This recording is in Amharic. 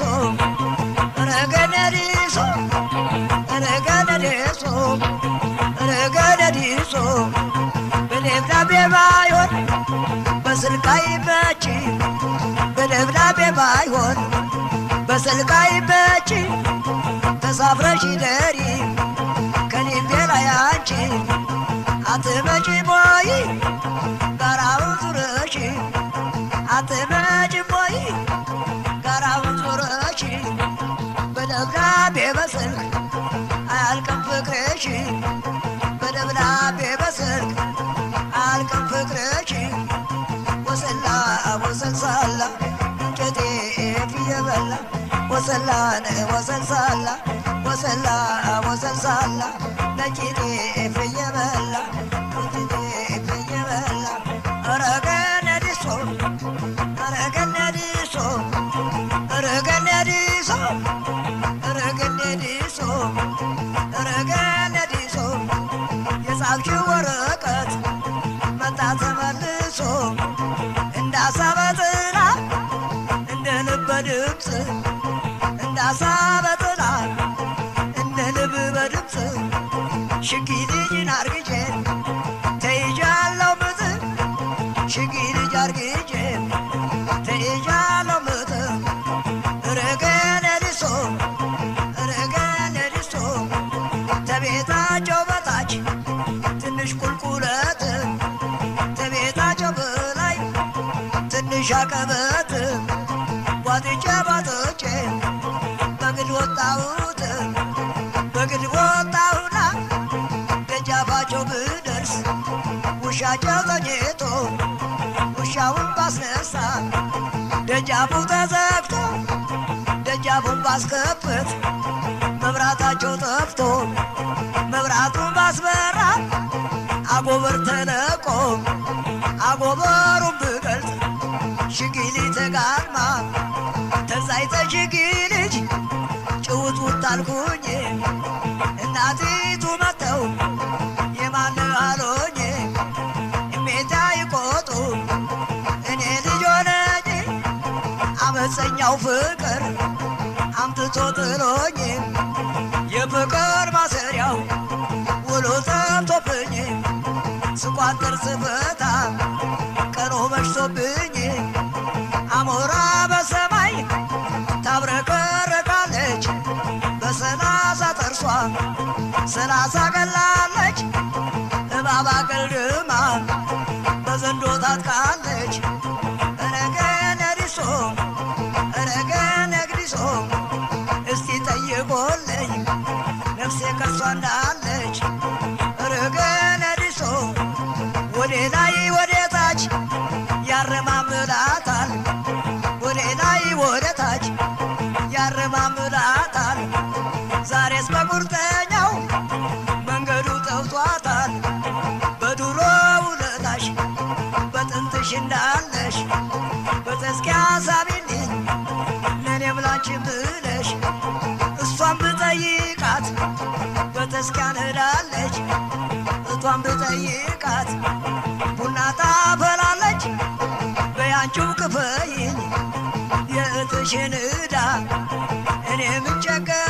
በደብዳቤ ባይሆን በስልክ አይመች በደብዳቤ ባይሆን በስልክ አይመች ተሳፍረሽ ደሪ ከልቤ አንቺ አትመጪ ቦይ ዙረሽ በስልክ አያልቅም ፍቅርሽ በደብዳቤ በስልክ አያልቅም ወሰላ ወሰልሳላ እንጨቴ ፍየበላ ወሰላ ወሰልሳላ ወሰላ ወሰልሳላ ነጭቴ ፍየ ለቅሶ እንደ አሳ በጥላ እንደ ንብ በድምፅ እንደ አሳ በጥላ እንደ ልብ በድምፅ ሽጊ ልጅን አርግጄ ተይዣለው ምጥ ሽጊ ልጅ አርግጄ ተይዣለው ምጥ ርገን ኤሊሶ ርገን ኤሊሶ ተቤታቸው በታች ትንሽ ቁልቁለት ባወጣሁት በግድ ወጣሁና ደጃፋቸው ብደርስ ውሻ ጨበኔቶ ውሻውን ባስነሳ ደጃፉ ተዘግቶ ደጃፉን ባስከፍት መብራታቸው ጠፍቶ መብራቱን ባስበራ አጎበር ተለቆ አጎበሩን ብገልጥ ሽጊሊ ተጋድማ ተዛይተ ሽግሊ አልኩኝ እናቲቱ መተው የማን አሎኝ እሜታ ይቆጡ እኔ ልጅ ሆነኝ አመፀኛው ፍቅር አምትቶ ጥሎኝ የፍቅር ማሰሪያው ውሎ ጠፍቶብኝ ስቋጠር ጽፈ አሳቀላለች እባባ በዘንዶ ታጥቃለች። እረገ እረገ እስቲ ጠይቆልኝ ነፍሴ ከሷ እንዳ ጠይቃት ቡና ታፈላለች በያንቺው ክፈይኝ የእህትሽን ዕዳ እኔ ምን ቸገረኝ